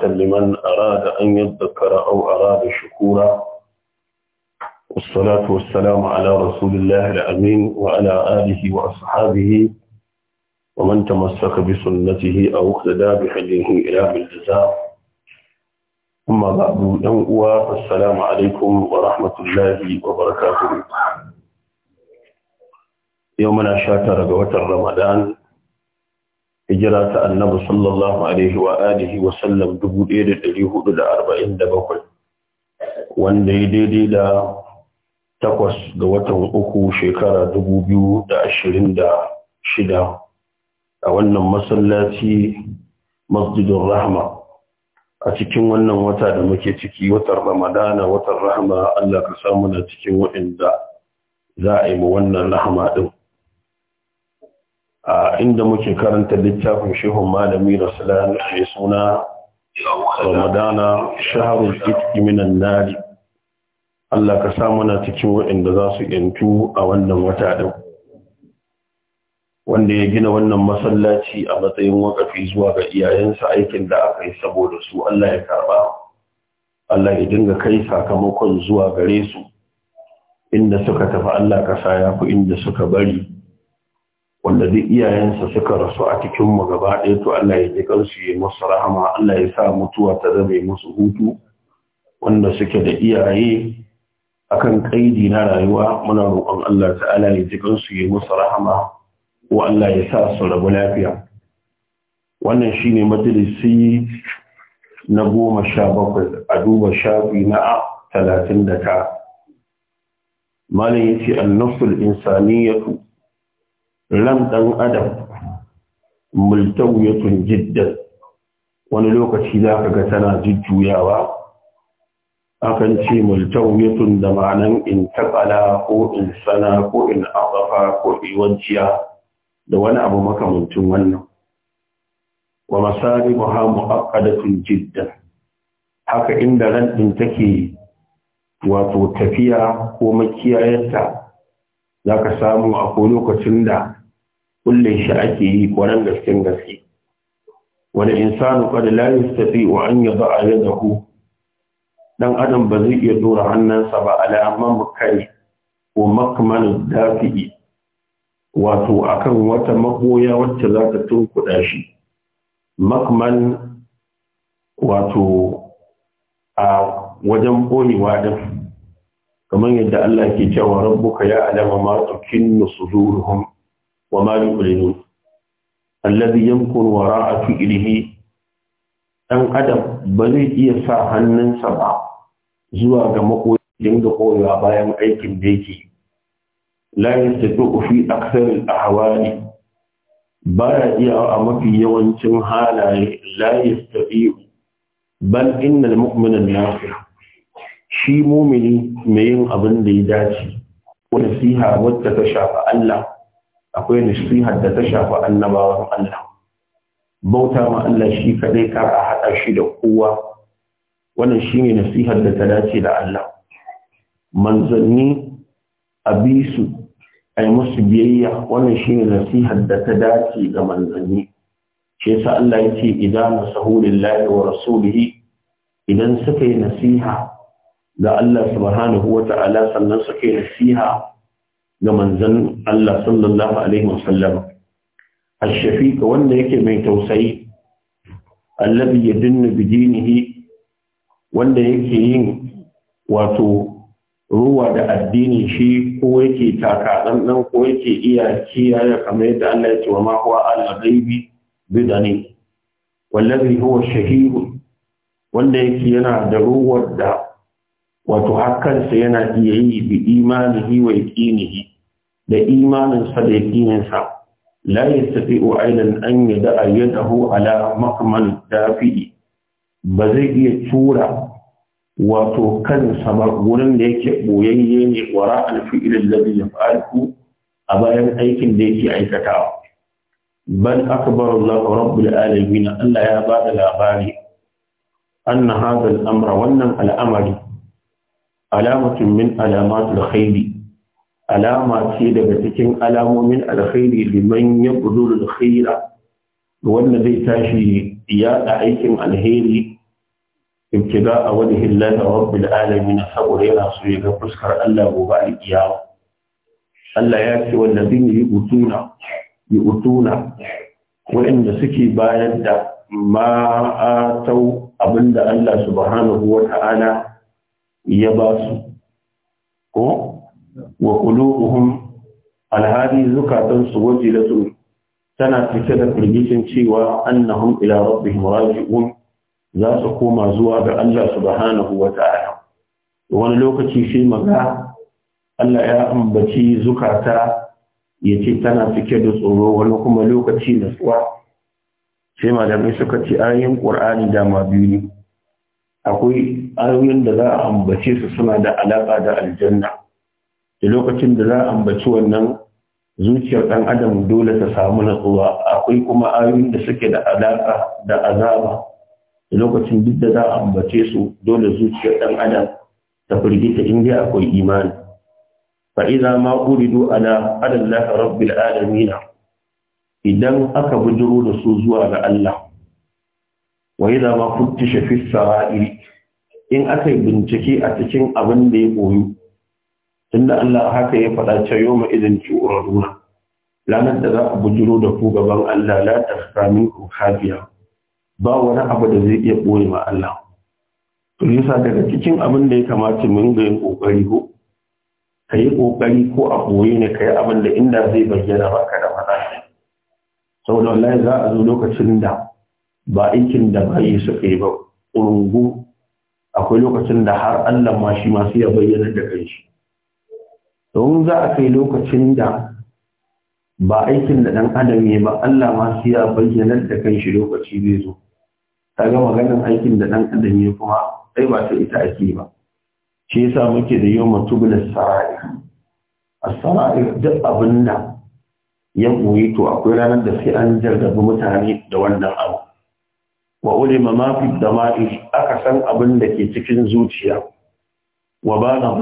لمن أراد أن يذكر أو أراد شكورا والصلاة والسلام على رسول الله الأمين وعلى آله وأصحابه ومن تمسك بسنته أو اقتدى بحجه إلى بالجزاء أما بعد ينقوى السلام عليكم ورحمة الله وبركاته يومنا شاكر قوة رمضان hijira ta annabi sallallahu alaihi wa alihi wa sallam 1447 wanda ya daidai da takwas ga watan uku shekara 2026 a wannan masallaci masjidin rahma a cikin wannan wata da muke ciki watan ramadana watan rahma Allah ka samu na cikin waɗanda za a yi wannan rahama ɗin a inda muke karanta littafin shehun malami da rasulani mai suna ramadana shaharar itki minan nari Allah ka sa muna cikin waɗanda za su yantu a wannan wata ɗin wanda ya gina wannan masallaci a matsayin wakafi zuwa ga iyayensa aikin da aka yi saboda su Allah ya karɓa Allah ya dinga kai sakamakon zuwa gare su inda suka tafi Allah ka sa ya fi inda suka bari wanda duk iyayensa suka rasu a cikin mu gaba ɗaya to Allah ya ji kansu ya musu rahama Allah ya sa mutuwa ta zame musu hutu wanda suke da iyaye akan kaidi na rayuwa muna roƙon Allah ta'ala ya ji kansu ya musu rahama ko Allah ya sa su rabu lafiya wannan shine majalisi na goma sha bakwai a duba shafi na a talatin da ta malin yace an-nafsul insaniyatu lam ɗan adam multawiyatun jiddan wani lokaci za ka ga tana jujjuyawa akan ce multawiyatun da ma'anan in taƙala ko in sana ko in azafa ko iwanciya da wani abu makamantin wannan wa masari muha mu'aqqadatun jiddan haka inda ran ɗin take wato tafiya ko makiyayarta za ka samu akwai lokacin da kulle shi ake yi kwaran gasken gaske wani insanu kada la yastati wa an yada yadahu dan adam ba zai iya dora hannunsa ba ala kai ko makman dafi'i wato akan wata maboya wacce za ta tunkuda shi makman wato a wajen boyewa din kamar yadda Allah ke cewa rabbuka ya alama ma tukinnu وما يؤلنون الذي يمكن وراء فعله ɗan adam ba zai iya sa hannunsa ba zuwa ga makoyi dinga koyawa bayan aikin da yake la yastatu a akthar al Ba baya iya a mafi yawancin halaye la yastati bal inna al-mu'mina nafi shi mumini mai yin abin da ya dace wani siha wadda ta shafa Allah akwai nasihar da ta shafi annabawan Allah bauta ma Allah shi kadai kar a haɗa shi da kowa wannan shine nasihar da ta dace da Allah manzanni a bi su a yi musu biyayya wannan shine nasihar da ta dace ga manzanni shi sa Allah ya ce idan nasahulillahi wa rasulihi idan suka yi nasiha ga Allah subhanahu wa ta'ala sannan suka yi nasiha ga manzan Allah sallallahu alaihi wasallam al-shafiq wanda yake mai tausayi allabi ya bi dinihi wanda yake yin wato ruwa da addini shi ko yake taka dan ko yake iya kiyaye kamar yadda Allah ya ce wa ma huwa al-ghaibi bidani wallabi huwa shahihu wanda yake yana da ruwa da wato hakansa yana iya yi bi imanihi wa yaqinihi da imaninsa da yaƙininsa la yastati'u aidan an yada'a yadahu ala maqmal dafi'i ba zai iya tura wato kansa ba wurin da yake boyayye ne wara alfi'il alladhi yaf'alu a bayan aikin da yake aikatawa bal akbar Allah rabbul alamin Allah ya bada labari anna hadha al-amra wannan al'amari alamatun min alamatul khairi alama ce daga cikin alamomin alkhairi liman ya ƙudurin khaira wanda zai tashi yaɗa aikin alheri ibtiga a wani hillata rabbil alamin saboda yana so ya ga fuskar Allah gobe alƙiyawa Allah ya ce wallazin yi utuna yi utuna waɗanda suke bayar da ma'atau abinda Allah subhanahu wa ta'ala ya ba su ko wa qulubuhum alhadi zukatan su wajilatun tana cike da firgicin cewa annahum ila rabbihim raji'un za su koma zuwa ga Allah subhanahu wa ta'ala wani lokaci shi maga Allah ya ambaci zukata ya ce tana cike da tsoro wani kuma lokaci na tsuwa sai malamai suka ce ayoyin ƙur'ani dama biyu ne akwai ayoyin da za a ambace su suna da alaƙa da aljanna da lokacin da za a ambaci wannan zuciyar ɗan adam dole ta samu natsuwa akwai kuma ayoyin da suke da alaƙa da azaba da lokacin duk da za a ambace su dole zuciyar ɗan adam ta firgita in dai akwai imani fa iza ma uridu ala Allah rabbil alamin idan aka bujiro da su zuwa ga Allah wa iza ma futtisha fi sarair in aka bincike a cikin abin da ya koyu inda Allah haka ya faɗa ce yau ma idan tu'raduna ranar da za a bujiro da ku gaban Allah la takhfa minkum khafiya ba wani abu da zai iya boye ma Allah to yasa daga cikin abin da ya kamata mun ga yin kokari ko kai kokari ko a boye ne kai abin da inda zai bayyana baka da matsala saboda wallahi za a zo lokacin da ba aikin da ba yi suka yi ba urungu akwai lokacin da har Allah ma shi ma ya bayyana da kanshi don za a kai lokacin da ba aikin da ɗan adam ya ba Allah ma su ya bayyana da kan shi lokaci zai zo ta ga maganin aikin da ɗan adam ya kuma sai ba ta ita ake ba shi yasa muke da yau bin sara'i a sara'i duk abin da ya koyi to akwai ranar da sai an jarrabi mutane da wannan abu wa ulima ma fi dama'i aka san abin da ke cikin zuciya wa ba na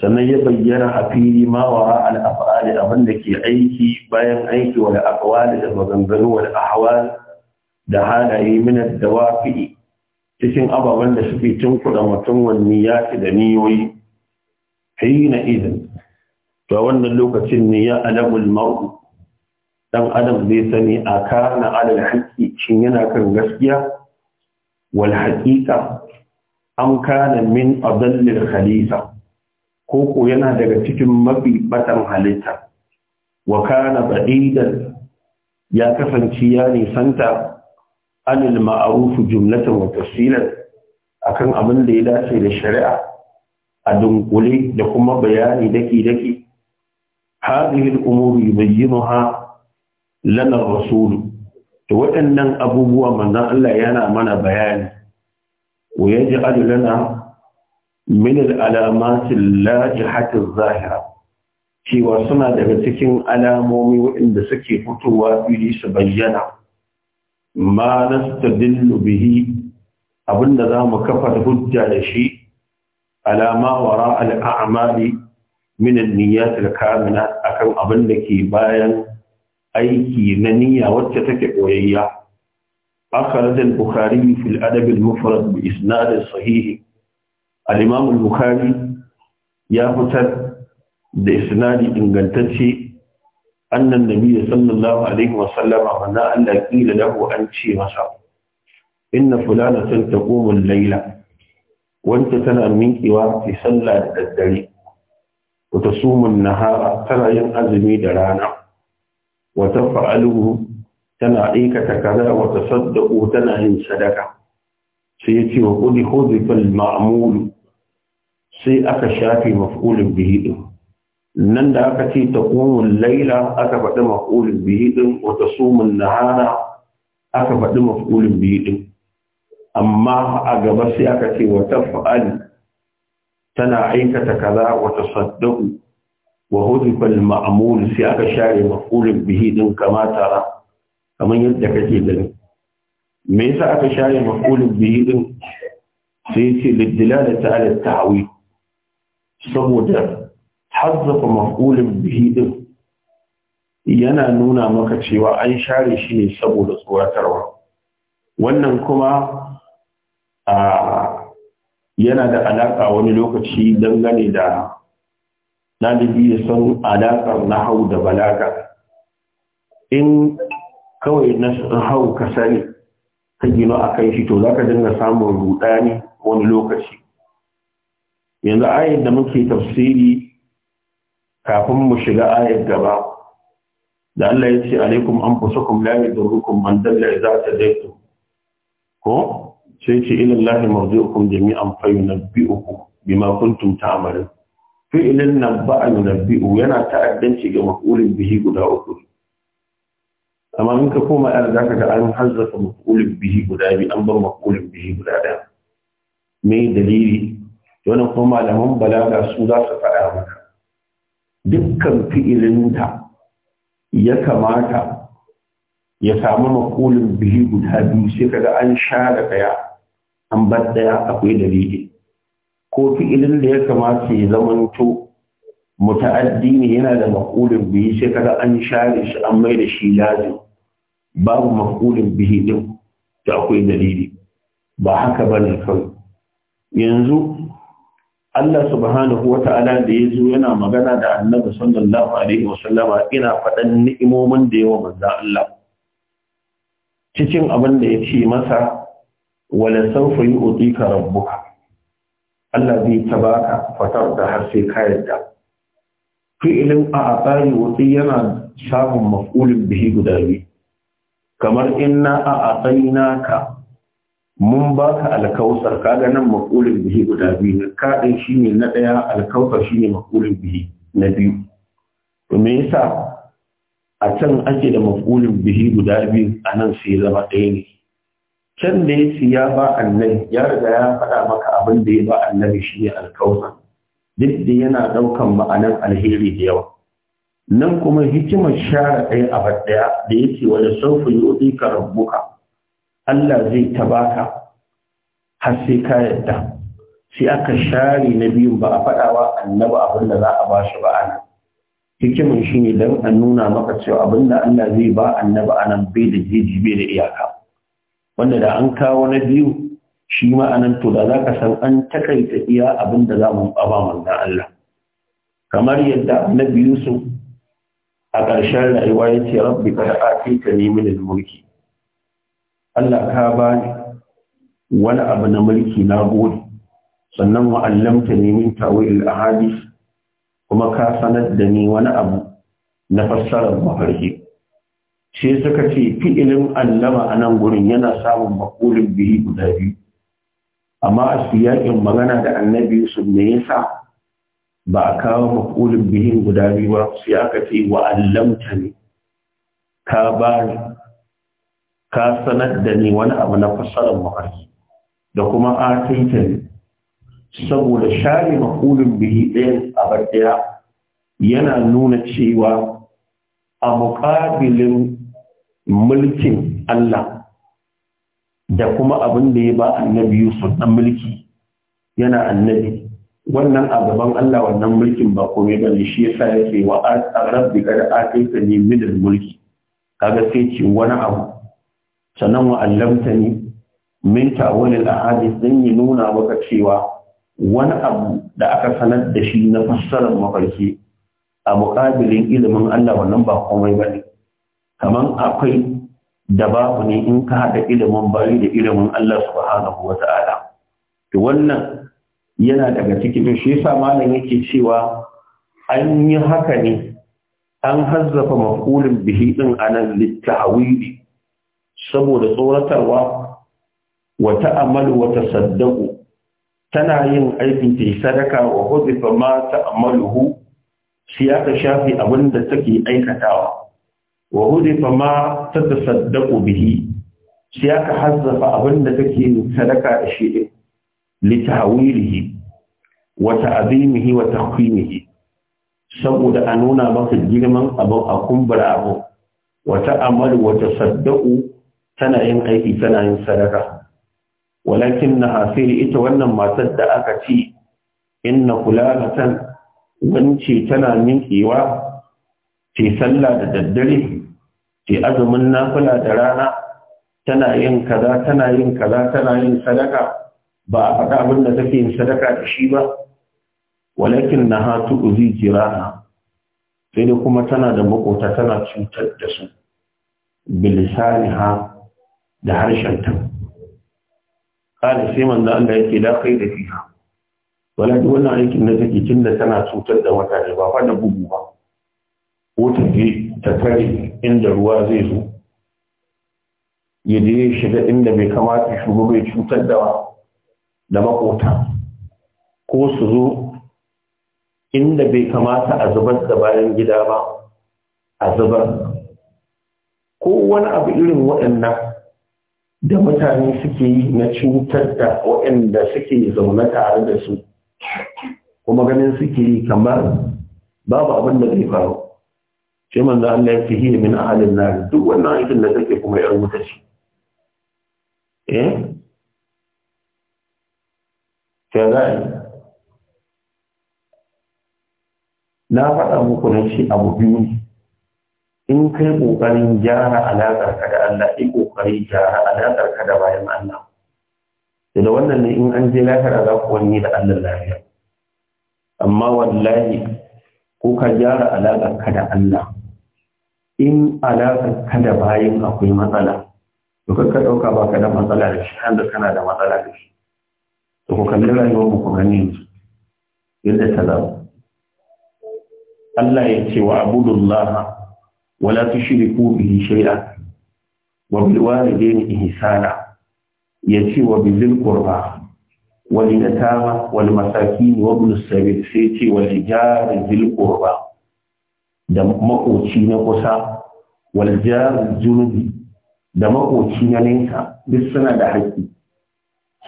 sannan ya bayyana a fili ma wa al'afali abin da ke aiki bayan aiki wa al'afali da maganganu wa al'ahawal da halaye minar da wafi cikin ababen da suke tunkuda mutum wani ya da niyoyi na izin to wannan lokacin ne ya alamul ma'u dan adam zai sani a kana alal haƙƙi shin yana kan gaskiya wal haƙiƙa an kana min adallil khalifa Koko yana daga cikin mafi batan halitta wa kana ba'idan ya kasance ya nisanta anil ma'ruf jumlatan wa tafsilan akan abin da ya dace da shari'a a dunkule da kuma bayani daki daki hadhihi al-umur yubayyinuha lana ar-rasul to waɗannan abubuwa manzon Allah yana mana bayani wa yaj'al lana min al'alamatin lajihatin zahira cewa suna daga cikin alamomi waɗanda suke fitowa fili su bayyana ma nastadillu bihi abinda za mu kafa hujja da shi alama wara al'amali min an-niyyat al-kamila akan abinda ke bayan aiki na niyya wacce take ɓoyayya. akhraj bukhari fil al-adab al-mufrad bi isnad al-imam bukhari ya fitar da isnadi ingantacce annan nabiyyi sallallahu alaihi wa wanda Allah kila lahu an ce masa inna fulana ta al-laila wanta tana minkewa fi sallah da daddare Wata sumun na nahara tana yin azumi da rana Wata taf'aluhu tana aikata kaza wata tasaddaqu tana yin sadaka sai yace wa qul khudhifal ma'mul sai aka shafe maf'ulin bihi din nan da aka ce taqumul laila aka faɗi maf'ulin bihi din Wata sumun nahara aka faɗi maf'ulin bihi din amma a gaba sai aka ce wata taf'al tana aikata kaza wata tasaddaqu wa hudifa al sai aka share maf'ulin bihi din kamata kamar yadda kake gani me yasa aka share maf'ulin bihi din sai ce liddilalata ala ta'awi saboda hazzafa maf'ulin bihi din yana nuna maka cewa an share shi ne saboda tsoratarwa wannan kuma a yana da alaƙa wani lokaci dangane da ɗalibi ya san alaƙar na hau da balaga in kawai na hau ka sani ka gino a kan shi to za ka dinga samun rudani wani lokaci yanzu ayin da muke tafsiri kafin mu shiga ayin gaba da Allah ya ce alaikum anfusakum la yadurrukum man dalla zai tadaytu ko sai ce ila Allah marji'ukum jami'an fa yunabbi'ukum bima kuntum ta'malun fi'ilin na biyu yana ta'addanci ga maf'ulin bihi guda uku amma in ka koma yar zaka ga an hazzafa maf'ulin bihi guda biyu an bar maf'ulin bihi guda daya me dalili wannan kuma malaman balaga su za su faɗa maka dukkan fi'ilinta ya kamata ya samu makulin bihi guda biyu sai kaga an share daya an bar daya akwai dalili ko fi'ilin da ya kamata ya zamanto muta'addi ne yana da makulin bihi sai kaga an share shi an mai da shi lazim babu makulin bihi din da akwai dalili ba haka bane kawai yanzu Allah subhanahu wa ta'ala da ya zo yana magana da annabi sallallahu alaihi wa ina faɗan ni'imomin da yawa banza Allah cikin abin da ya ce masa wala sawfa ka rabbuka Allah zai tabaka fatar da har sai ka yarda fi'ilin a'tari wuti yana samun maf'ulin bihi guda biyu kamar in inna naka mun ba ka alkausar kaga nan maqulun bihi guda biyu ka shi ne na ɗaya alkawusar shi ne maqulun bihi na biyu to me yasa a can ake da makulin bihi guda biyu a nan sai zama ɗaya ne can da ya ci ya ba annabi ya riga ya faɗa maka abin da ya ba annabi ne alkawusar duk da yana ɗaukan ma'anar alheri da yawa nan kuma hikimar share ɗaya a ɗaya da yake wani yau ɗi ka rabbuka Allah zai tabaka har sai ka yadda sai aka share na biyun ba a faɗawa annaba abin da za a ba shi ba hikimin shi ne don a nuna maka cewa abin da Allah zai ba annaba nan bai da jeji bai da iyaka wanda da an kawo na biyu shi ma'anan to da za ka san an takaita iya abin da za mu ba manzan Allah kamar yadda annabi Yusuf a ƙarshen rayuwa ya ce rabbi kada a kai ka nemi da mulki Allah ka bani wani abu na mulki na gode sannan wa'allamta ne min tawil ahadis kuma ka sanar da ni wani abu na fassarar mafarki sai suka ce fi'ilin allama a nan gurin yana samun makulin biyu guda biyu amma a yaƙin magana da annabi su me sa ba a kawo makulin bihin guda biyu ba sai aka ce wa'allamta ne ka bani ka sanar da ni wani abu na fassarar mafarki da kuma a taitali saboda share makulun bihi ɗayan a ɗaya yana nuna cewa a muƙabilin mulkin Allah da kuma abin da ya ba annabi Yusuf ɗan mulki yana annabi wannan a gaban Allah wannan mulkin ba komai ba ne shi yasa yake wa rabbi kada ataita ni ne mulki kaga sai ce wani abu sannan wa allamtani Minta, wani al-ahadith dan yi nuna maka cewa wani abu da aka sanar da shi na fassarar mafarki a muƙabilin ilimin Allah wannan ba komai bane kamar akwai da babu ne in ka haɗa ilimin bari da ilimin Allah subhanahu wa ta'ala to wannan yana daga cikin shi yasa malam yake cewa an yi haka ne an hazzafa maf'ulin bihi din anan littahwili saboda tsoratarwa wata ta'amalu wa tasaddaqu tana yin aikin ta yi sadaka wa hudifa ma ta'amaluhu shi aka shafi abin da take aikatawa wa hudifa ma tatasaddaqu bihi shi ka hazzafa abin da take sadaka da shi din litahwilihi wa ta'zimihi wa tahqimihi saboda a nuna maka girman abin a kumbura abu wata amal wata sadda'u tana yin aiki tana yin sadaka walakin na hafiri ita wannan matar da aka ci da kulalatan wance tana ninkewa? ce sallah da daddare ce azumin nafula da rana tana yin kaza tana yin kaza tana yin sadaka ba a faɗa abin da take yin sadaka da shi ba walakin na hatu uzi jirana sai dai kuma tana da makota tana cutar da su bilisani ha da harshen ta kada sai manzo Allah yake da kai da fiha wala duk wannan aikin da take tunda tana cutar da mutane ba fa da bugu ba ko ta je ta tare inda ruwa zai zo ya je shiga inda bai kamata shigo bai cutar da da makota ko su zo inda bai kamata a zubar da bayan gida ba a zubar ko wani abu irin waɗannan da mutane suke yi na cutar da waɗanda suke zaune tare da su kuma ganin suke yi kamar babu abin da zai faru shi manzo Allah ya fi min ahalin nar duk wannan aikin da take kuma yar wuta ce eh kaza na faɗa muku na shi abu biyu ne in kai ƙoƙarin gyara alaƙar ka da Allah in ƙoƙari gyara alaƙar ka da bayan Allah da wannan ne in an je lahira za ku wani da Allah lafiya amma wallahi ko ka gyara alaƙar ka da Allah in alaƙar ka da bayan akwai matsala to ka ɗauka ba ka da matsala da shi har kana da matsala da shi to ku kalli rayuwar mu ku gani yadda ta zama Allah ya ce wa abudullaha wala tushriku bihi shay'a wa bil walidayni ihsana yace wa bil qurba wal yatama wal masakin wa ibn sabil sai ce wal jar zil qurba da makoci na kusa wal jar junubi da makoci na nesa duk suna da haƙƙi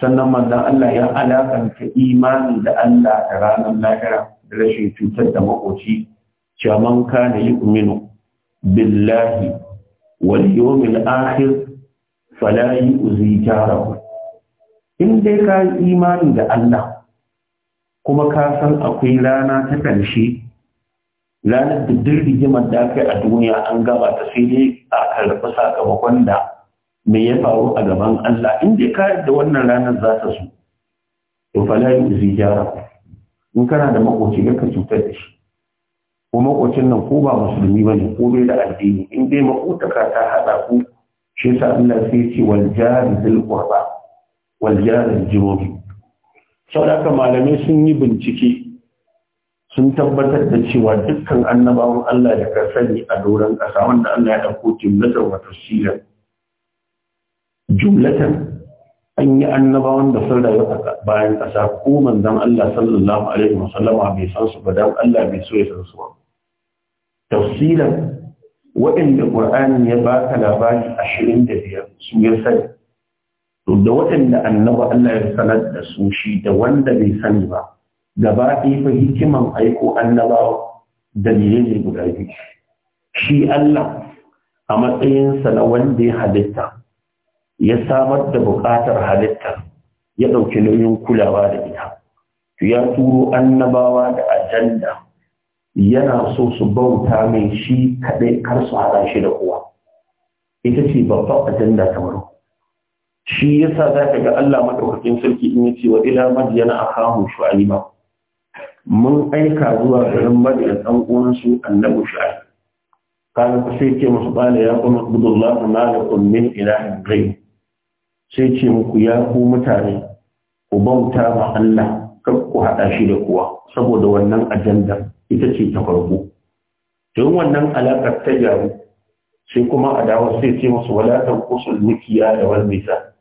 sannan manzon Allah ya alakanta imani da Allah da ranar lahira da rashin cutar da makoci cewa man kana yu'minu billahi wal yawmil akhir fala yuzi jarahu in dai kayi imani da Allah kuma ka san akwai rana ta ƙarshe ranar da duk rigimar da aka yi a duniya an gabata sai dai a karɓi sakamakon da me ya faru a gaban Allah in dai ka da wannan ranar za ta so to fala yuzi jarahu in kana da makoci ka cutar da shi ko makocin nan ko ba musulmi ba ne ko bai da addini in dai makotaka ta haɗa ku shi yasa Allah sai ce wal jari zil qurba wal jari junubi saboda haka malamai sun yi bincike sun tabbatar da cewa dukkan annabawan Allah da ka sani a doron ƙasa wanda Allah ya ɗauko jumlatar wa tafsirar. Jumlatar an yi annabawan da sun rayu a bayan ƙasa ko manzon Allah sallallahu alaihi wasallama bai san su ba dan Allah bai so ya san su ba. tafsilan waɗanda ƙur'ani ya ba ka labari ashirin da biyar su ya sani to da waɗanda annaba Allah ya sanar da su shi da wanda bai sani ba gaba ɗaya hikiman aiko annabawa dalilai ne guda biyu shi Allah a matsayinsa na wanda ya halitta ya samar da buƙatar halitta ya ɗauki nauyin kulawa da ita ya turo annabawa da ajanda yana so su bauta mai shi kaɗai kar su haɗa shi da kowa ita ce babban ajanda ta wani shi yasa za ka ga Allah maɗaukacin sarki in yace wa ila madiyana akahu shu'aiba mun aika zuwa garin madiyan ɗan uwan su annabi shu'aib kana ku sai ce musu bala ya kuma abdullah ma la kun min ilahin ghayr sai ce muku ya ku mutane ku bauta ma Allah kar ku haɗa shi da kowa saboda wannan ajandar ita ce ta farko don wannan alaƙar ta jaru sai kuma a dawo sai ce masu walatan kusur nukiya da walmisa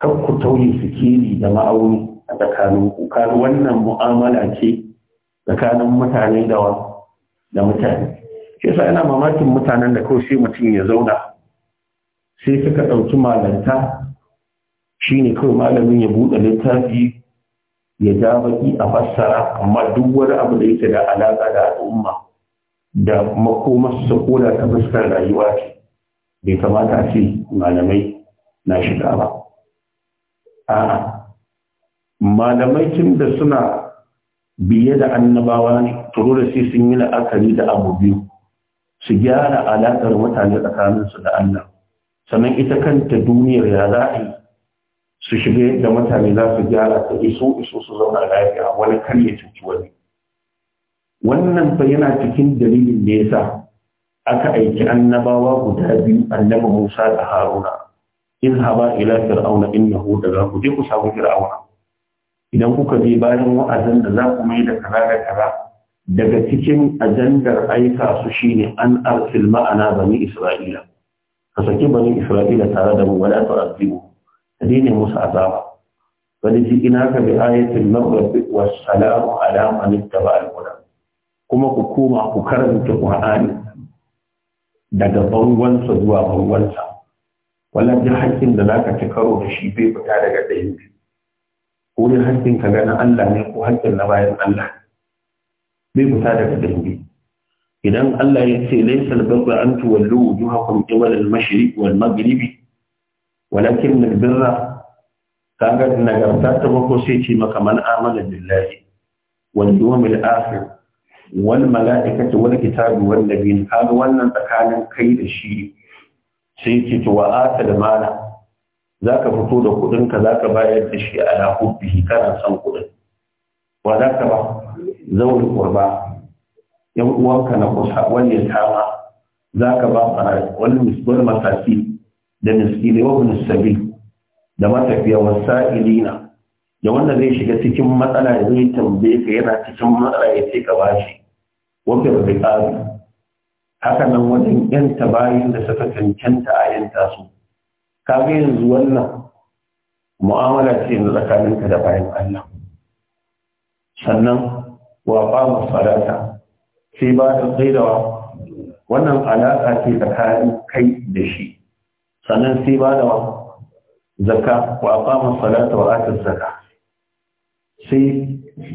kan ku tauye sikiri da ma'auni a tsakanin ku kan wannan mu'amala ce tsakanin mutane da wa da mutane shi yasa ina mamakin mutanen da kawai sai mutum ya zauna sai suka ɗauki malanta shine kawai malamin ya buɗe littafi ya ja baki a fassara amma duk wani abu da yake da alaƙa da al'umma da makomar su ta fuskar rayuwa ce bai kamata a ce malamai na shiga ba A. malamai tun da suna biye da annabawa ne turu da sai sun yi la'akari da abu biyu su gyara alaƙar mutane tsakaninsu da Allah sannan ita kanta duniyar ya za a yi su shiga yadda mutane za su gyara ta iso iso su zauna lafiya wani kar ya cuci wani wannan fa yana cikin dalilin da yasa aka aiki annabawa guda biyu annabi Musa da Haruna in haba ila fir'auna innahu da za ku je ku samu fir'auna idan kuka je bayan wa'azin da za ku mai da kaza da kaza daga cikin ajandar aika su shine an arsil ma'ana bani Isra'ila ka saki bani Isra'ila tare da mu wala tu'azibu ne musu azaba wani jikina ka bi ayatin maghribi was salamu ala man ittaba al-huda kuma ku koma ku karanta Qur'ani daga bangonsa zuwa bangonsa wannan duk hakkin da zaka ci karo da shi bai fita daga ɗayan bi? ko ne hakkin ka ga Allah ne ko hakkin na bayan Allah bai fita daga ɗayan idan Allah ya ce laysa al-birra an tuwallu wujuhakum qibala al-mashriq wal maghribi walakin albirra kaga nagarta ta bako sai ce maka man amana billahi wal yawmil akhir wal mala'ikati wal kitabi wan nabiyyin kaga wannan tsakanin kai da shi sai ce to wa ata da mala ka fito da kudin ka zaka bayar da shi a hubbihi kana son ba yan uwanka na kusa wanda ya tama ba da miskinai wa bin sabi da matafiya wa sa'ilina da wanda zai shiga cikin matsala da zai tambaye ka yana cikin matsala ya ce ka bashi wanda ba bai ƙari haka nan wajen yanta bayan da suka cancanta a taso. Ka kaga yanzu wannan mu'amala ce na tsakaninka da bayan Allah sannan wa mu farata, sai ba da tsaidawa wannan alaƙa ce tsakanin kai da shi sannan sai ba da zakka wa aqama salata wa ata zakka sai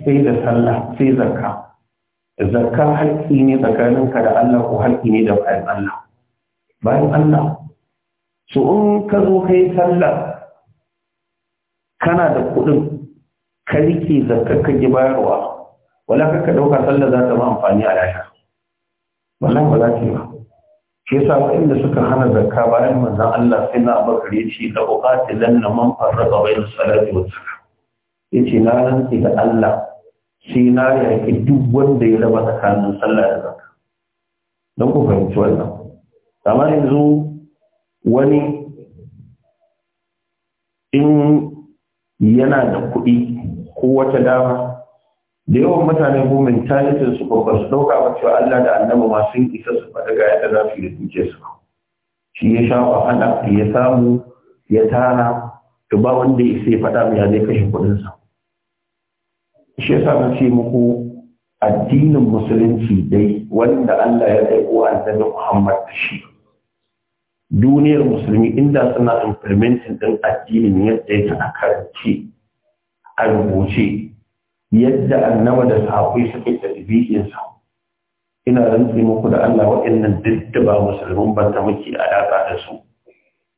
sai da sallah sai zakka zakka haƙƙi ne ka da Allah ko haƙƙi ne da bayan Allah bayan Allah so in ka zo kai sallah kana da kuɗin ka rike zakka ka ji bayarwa wala ka ka dauka sallah za ta ba amfani a lafiya wallahi ba za ta yi ba shi yasa waɗanda suka hana zakka bayan manzon Allah sai na da yace la na man farraba bayna salati wa zakka yace na rantsi da Allah sai na yaki duk wanda ya raba tsakanin sallah da zakka don ku fahimci wannan amma yanzu wani in yana da kuɗi ko wata dama da yawan mutane ko mentalitin su ba su dauka ba cewa Allah da annabi ma sun isa su ba daga yadda za su yi duke su shi ya sha wahala ya samu ya tara to ba wanda ya sai faɗa mai zai kashe kuɗin sa shi yasa na ce muku addinin musulunci dai wanda Allah ya aiko annabi Muhammad da shi duniyar musulmi inda suna implementing ɗin addinin yadda ya ta karance a rubuce yadda annaba da sahabbai suke yi ina rantsi muku da Allah waɗannan duk da ba musulmin ban da muke alaƙa da su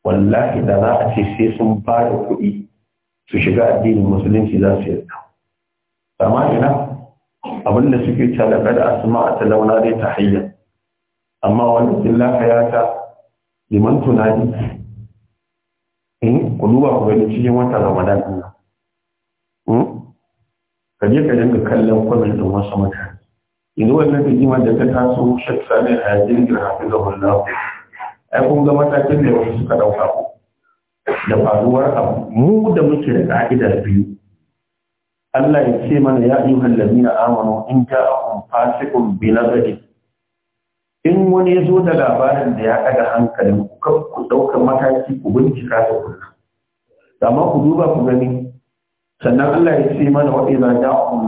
wallahi da za a ce sai sun ba da kuɗi su shiga addinin musulunci za su yarda amma ina abin da suke talaka da asma a talauna dai ta hayya amma wani illa hayata liman tunani In eh, ku duba ku gani cikin watan ramadan ɗin ka je ka dinga kallon kwamin ɗin wasu mutane yanzu wannan rigima da ta taso shek sani a yajin girhafi ga wallahu ai kun ga matakin da wasu suka ɗauka ku da faruwar abu mu da muke da ƙa'ida biyu Allah ya ce mana ya yi hallabi na amano in ja akun fasikun binazari in wani ya zo da labarin da ya ɗaga hankalin ku ɗaukar mataki ku bincika da kullum amma ku duba ku gani sannan Allah ya ce mana wa idza ja'ahum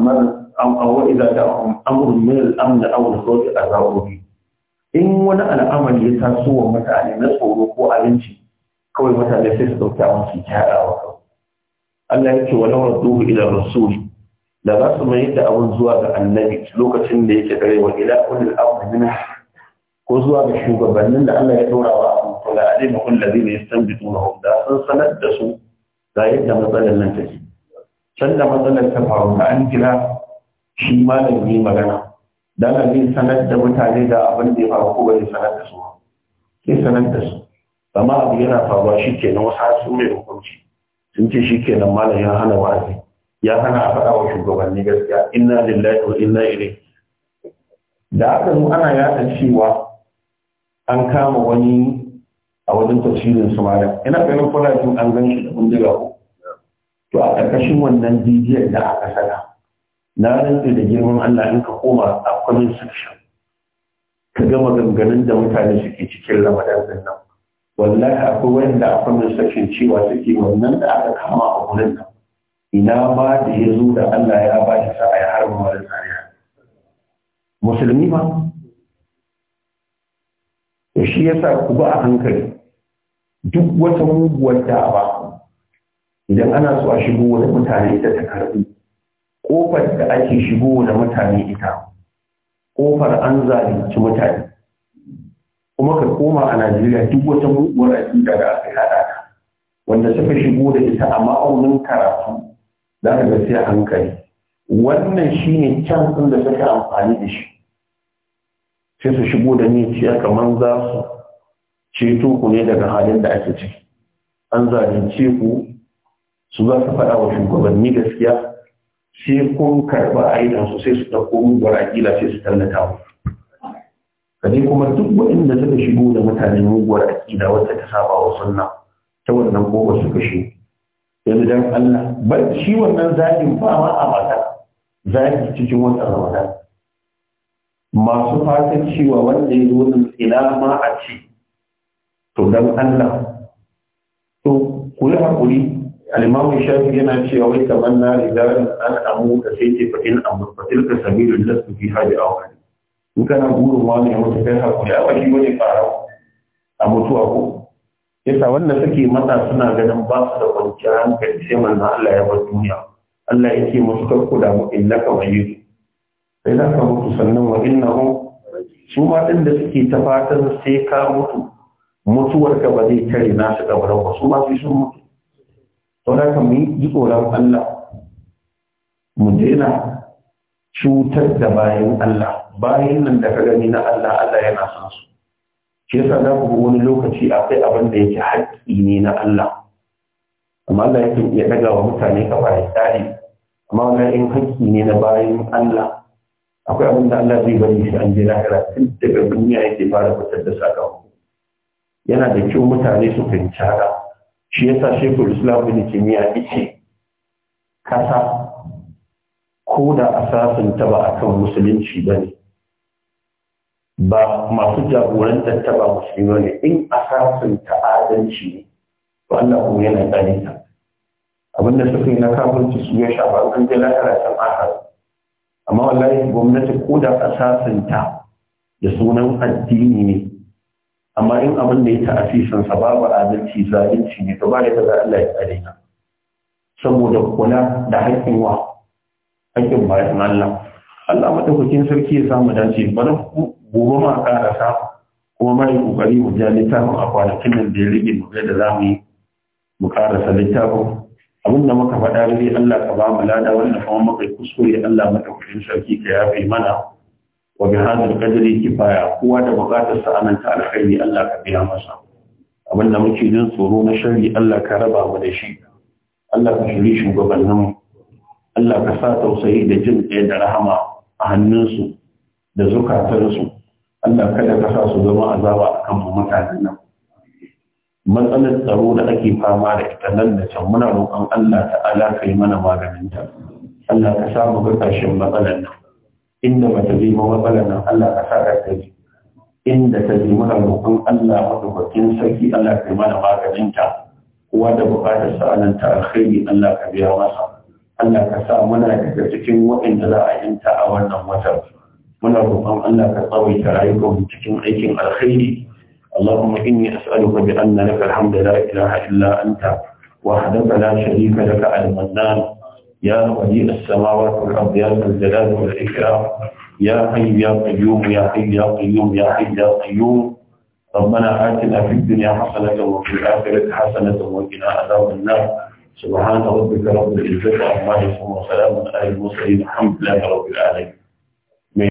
am aw idza ja'ahum amrun min al-amn aw al-khawf in wani al'amari ya taso wa mutane na tsoro ko abinci kawai mutane sai su dauki abin su kyaɗawa Allah ya ce wa lawar duhu ila rasuli da za su mai da abin zuwa ga annabi lokacin da yake dare wa ila ulil amrina ko zuwa ga shugabannin da Allah ya dora wa abin kula alima kullu ladina yastanbituna hum da sun sanar da su ga yadda matsalar nan take sanda matsalar ta faru da an jira shi yi magana dan yin sanar da mutane da abin da ya faru ko bai sanar da su ke sanar da su amma abu yana faruwa shi ke nan wasu hasu mai hukunci sun ce shi ke nan malam ya hana wa'azi ya hana a faɗa wa shugabanni gaskiya inna lillahi wa inna ilaihi da aka zo ana yaɗa cewa an kama wani a wajen tafsirin su malam ina ganin fulani an gan shi da bindiga ko to a ƙarƙashin wannan bidiyon da aka saka na rantse da girman Allah in ka koma a kwamin section ka gama ganganin da mutane suke cikin ramadan din nan wallahi akwai wanda a comment section cewa suke wannan da aka kama a gurin nan ina ma da ya zo da Allah ya ba shi ya harba wa tsariya musulmi ma. shi yasa ku ba a hankali duk wata muguwar da ba idan ana so a shigo wani mutane ita ta karbi kofar da ake shigo wani mutane ita kofar an zalunci mutane kuma ka koma a najeriya duk wata muguwar aƙida da aka haɗa ta wanda suka shigo da ita a ma'aunin karatu za ka ga hankali wannan shine can ɗin da suka amfani da shi sai su shigo da ciyar kamar za su ceto ku ne daga halin da ake ciki an zalunce ku su za su faɗa wa shugabanni gaskiya sai kun karɓa su sai su ɗauko muguwar aƙila sai su tallata mu. kaje kuma duk waɗanda suka shigo da mutane muguwar aƙida wacce ta saba wa sunna ta wannan kofar suka shi yanzu dan Allah bar shi wannan zakin ba a mata zaki cikin wata ramadan masu fatan cewa wanda ya zo nan ila ma a ce to dan Allah to ku yi haƙuri alimamun shafi yana cewa wai kamar na da na samu ka sai ce fatin amu fatil ka sami da lasu fi hajji a wani in kana burin ma ne wata kai haƙuri a wani wani fara a mutuwa ko yasa wanda suke mata suna ganin ba su da kwanciyar hankali sai manzan Allah ya bar duniya Allah yake musu karku da mu illaka wa yuzu sai za ka mutu sannan wa inna hu su ma ɗin da suke ta fatan sai ka mutu mutuwarka ba zai tare nasu gabaran ba su ma sai sun mutu saboda kan mu yi tsoron Allah mu daina cutar da bayan Allah bayan nan da ka gani na Allah Allah yana san su ke sa za ku wani lokaci akwai abin da yake haƙƙi ne na Allah amma Allah yake iya daga wa mutane ka bayan tsari amma wani in haƙƙi ne na bayan Allah akwai abin da Allah zai bari shi an je lahira tun daga duniya yake fara fitar da sakamako yana da kyau mutane su fahimci haka shi yasa shekul islam ibn kimiyya yace kasa ko da asasin ta ba akan musulunci bane ba masu jagorantar ta ba musulmi ne in asasin ta adalci ne to Allah kuma yana tsare ta da suka yi na kafirci su ya shafa an ga lahira ta ahar amma wallahi gwamnati ko da asasin ta da sunan addini ne amma in abin da ya ta'asisin sa babu adalci zalunci ne to ba ya da Allah ya tsare ka saboda kula da haƙƙin wa haƙƙin bayan Allah Allah madaukakin sarki ya samu dace ba bari gobe ma ƙara samu kuma mai kokari mu ja littafin a kwanakin nan da ya rige mu da za mu yi mu littafin abin da muka faɗa ne Allah ka ba mu lada wannan kuma muka kuskure Allah madaukakin sarki ka yafe mana wa bi hadal qadri kifaya kowa da bukatar sa anan ta alkhairi Allah ka biya masa abin da muke jin tsoro na shari Allah ka raba mu da shi Allah ka shiri shugabannin Allah ka sa tausayi da jin ɗaya da rahama a hannunsu da zukatarsu Allah kada ka sa su zama azaba akan mu mutanen nan matsalar tsaro da ake fama da ita nan da can muna roƙon Allah ta'ala ka yi mana ta Allah ka samu ga ƙarshen matsalar nan inda mace zai ba matsalar nan Allah ka sa ka tafi inda ta zai muna roƙon Allah madaukakin sarki Allah ka yi mana ta kowa da buƙatar sa'anan ta alkhairi Allah ka biya masa Allah ka sa muna daga cikin waɗanda za a yanta a wannan watan muna roƙon Allah ka tsawaita rayuwar cikin aikin alkhairi اللهم إني أسألك بأن لك الحمد لا إله إلا أنت وحدك لا شريك لك المنان يا ولي السماوات والأرض يا ذا الجلال والإكرام يا حي يا قيوم يا حي يا قيوم يا حي يا قيوم ربنا آتنا في الدنيا حسنة وفي الآخرة حسنة وقنا عذاب النار سبحان ربك رب العزة عما يصفون وسلام على المرسلين الحمد لله رب العالمين